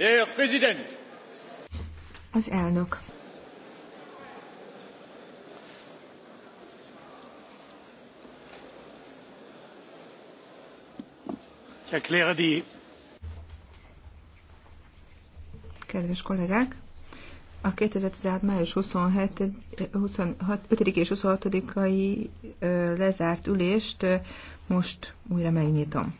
Der Präsident. Az elnök. Ich erkläre die Kedves kollégák, a 2016. május 27, 26, 5. és 26 lezárt ülést most újra megnyitom.